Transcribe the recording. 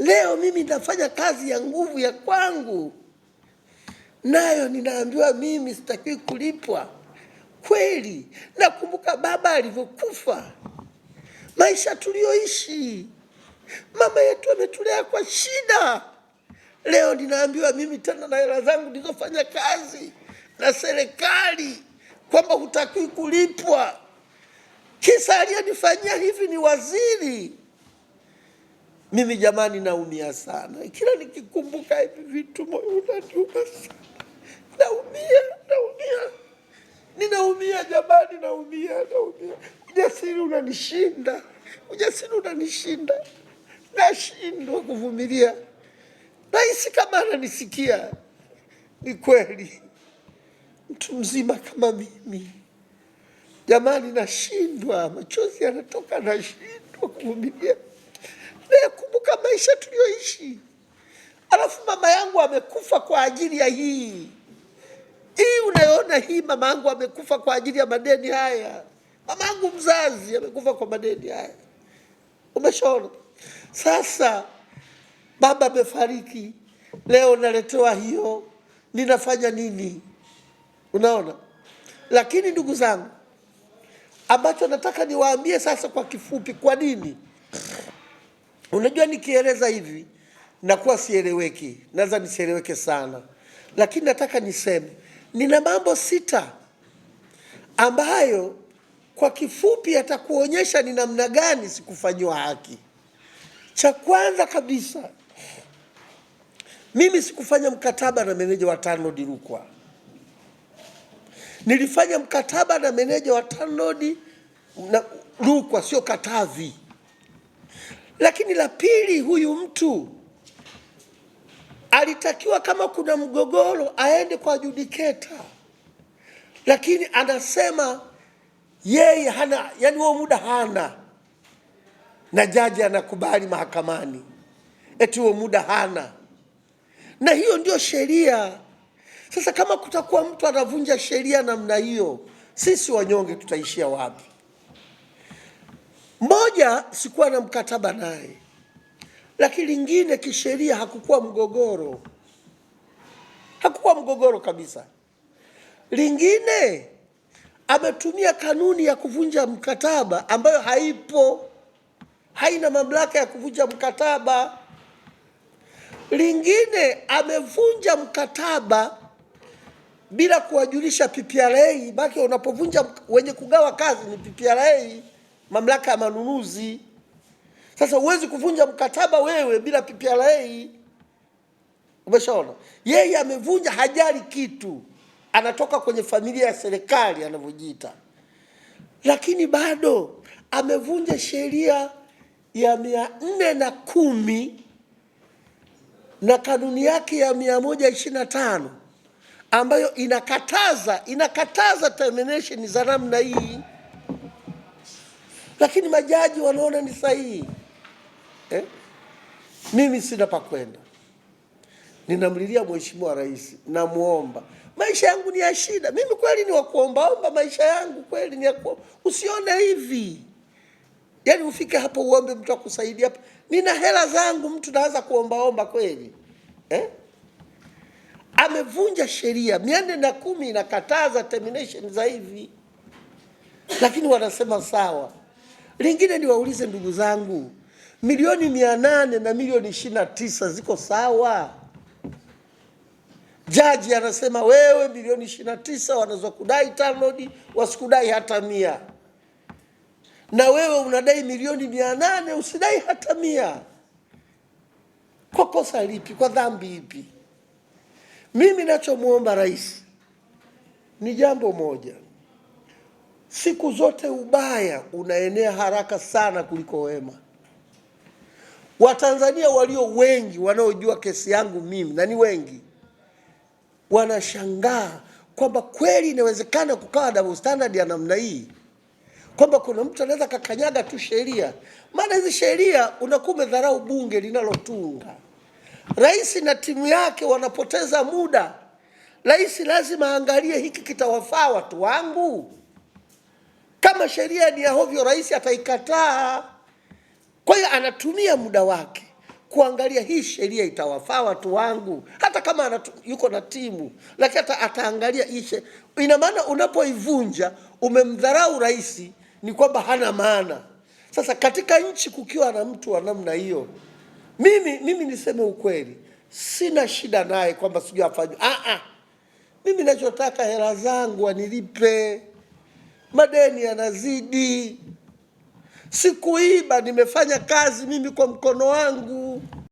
Leo mimi nafanya kazi ya nguvu ya kwangu, nayo ninaambiwa mimi sitakiwi kulipwa. Kweli nakumbuka baba alivyokufa, maisha tuliyoishi, mama yetu ametulea kwa shida. Leo ninaambiwa mimi tena na hela zangu nilizofanya kazi na serikali kwamba hutakiwi kulipwa. Kisa aliyenifanyia hivi ni waziri. Mimi jamani, naumia sana, kila nikikumbuka hivi vitu moyo unaniuma sana. Naumia, naumia, ninaumia jamani, naumia, naumia. Ujasiri unanishinda, ujasiri unanishinda, nashindwa kuvumilia. rahisi kama ananisikia, ni kweli, mtu mzima kama mimi jamani, nashindwa, machozi yanatoka, nashindwa kuvumilia. Kumbuka maisha tuliyoishi, alafu mama yangu amekufa kwa ajili ya hii hii unayoona hii. Mama yangu amekufa kwa ajili ya madeni haya, mama yangu mzazi amekufa kwa madeni haya. Umeshaona sasa, baba amefariki, leo naletewa hiyo, ninafanya nini? Unaona, lakini ndugu zangu, ambacho nataka niwaambie sasa kwa kifupi, kwa nini Unajua, nikieleza hivi nakuwa sieleweki, naza nisieleweke sana, lakini nataka niseme nina mambo sita ambayo kwa kifupi atakuonyesha ni namna gani sikufanyiwa haki. Cha kwanza kabisa, mimi sikufanya mkataba na meneja wa TANROADS Rukwa. Nilifanya mkataba na meneja wa TANROADS Rukwa, sio Katavi. Lakini la pili, huyu mtu alitakiwa kama kuna mgogoro aende kwa judiketa, lakini anasema yeye hana, yani huo muda hana, na jaji anakubali mahakamani eti huo muda hana, na hiyo ndio sheria. Sasa kama kutakuwa mtu anavunja sheria namna hiyo, sisi wanyonge tutaishia wapi? Moja, sikuwa na mkataba naye, lakini lingine kisheria hakukuwa mgogoro, hakukuwa mgogoro kabisa. Lingine ametumia kanuni ya kuvunja mkataba ambayo haipo, haina mamlaka ya kuvunja mkataba. Lingine amevunja mkataba bila kuwajulisha PPRA, baki unapovunja wenye kugawa kazi ni PPRA mamlaka ya manunuzi. Sasa huwezi kuvunja mkataba wewe bila PPRA. Umeshaona, yeye amevunja, hajali kitu, anatoka kwenye familia ya serikali anavyojiita, lakini bado amevunja sheria ya mia nne na kumi na kanuni yake ya mia moja ishirini na tano ambayo inakataza inakataza termination za namna hii lakini majaji wanaona ni sahihi eh? Mimi sina pa kwenda, ninamlilia Mheshimiwa Rais, namwomba maisha yangu ni ya shida. Mimi kweli ni wakuombaomba, maisha yangu kweli ni ya usione hivi yani, ufike hapo uombe mtu akusaidia hapa. Nina hela zangu, mtu naanza kuombaomba kweli eh? Amevunja sheria mia nne na kumi inakataza termination za hivi, lakini wanasema sawa. Lingine niwaulize ndugu zangu, milioni mia nane na milioni ishirini na tisa ziko sawa? Jaji anasema wewe, milioni ishirini na tisa wanaweza kudai TANROADS wasikudai hata mia, na wewe unadai milioni mia nane usidai hata mia. Kwa kosa lipi? Kwa dhambi ipi? Mimi nachomwomba rais ni jambo moja. Siku zote ubaya unaenea haraka sana kuliko wema. Watanzania walio wengi wanaojua kesi yangu mimi, na ni wengi, wanashangaa kwamba kweli inawezekana kukawa double standard ya namna hii, kwamba kuna mtu anaweza kakanyaga tu sheria. Maana hizi sheria unakuwa umedharau bunge linalotunga. Rais na timu yake wanapoteza muda. Rais lazima aangalie hiki kitawafaa watu wangu kama sheria ni ya hovyo, rais ataikataa. Kwa hiyo anatumia muda wake kuangalia hii sheria itawafaa watu wangu, hata kama anatu, yuko na timu lakini hata ataangalia ishe. Ina maana unapoivunja umemdharau rais, ni kwamba hana maana. Sasa katika nchi kukiwa na mtu wa namna hiyo, mimi mimi niseme ukweli, sina shida naye kwamba sijui afanye. Ah, ah. Mimi nachotaka hela zangu anilipe madeni yanazidi. Sikuiba, nimefanya kazi mimi kwa mkono wangu.